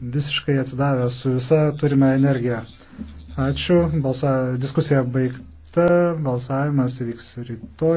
visiškai atsidavęs su visa turime energija. Ačiū, Balsa, diskusija baigta, balsavimas įvyks rytoj.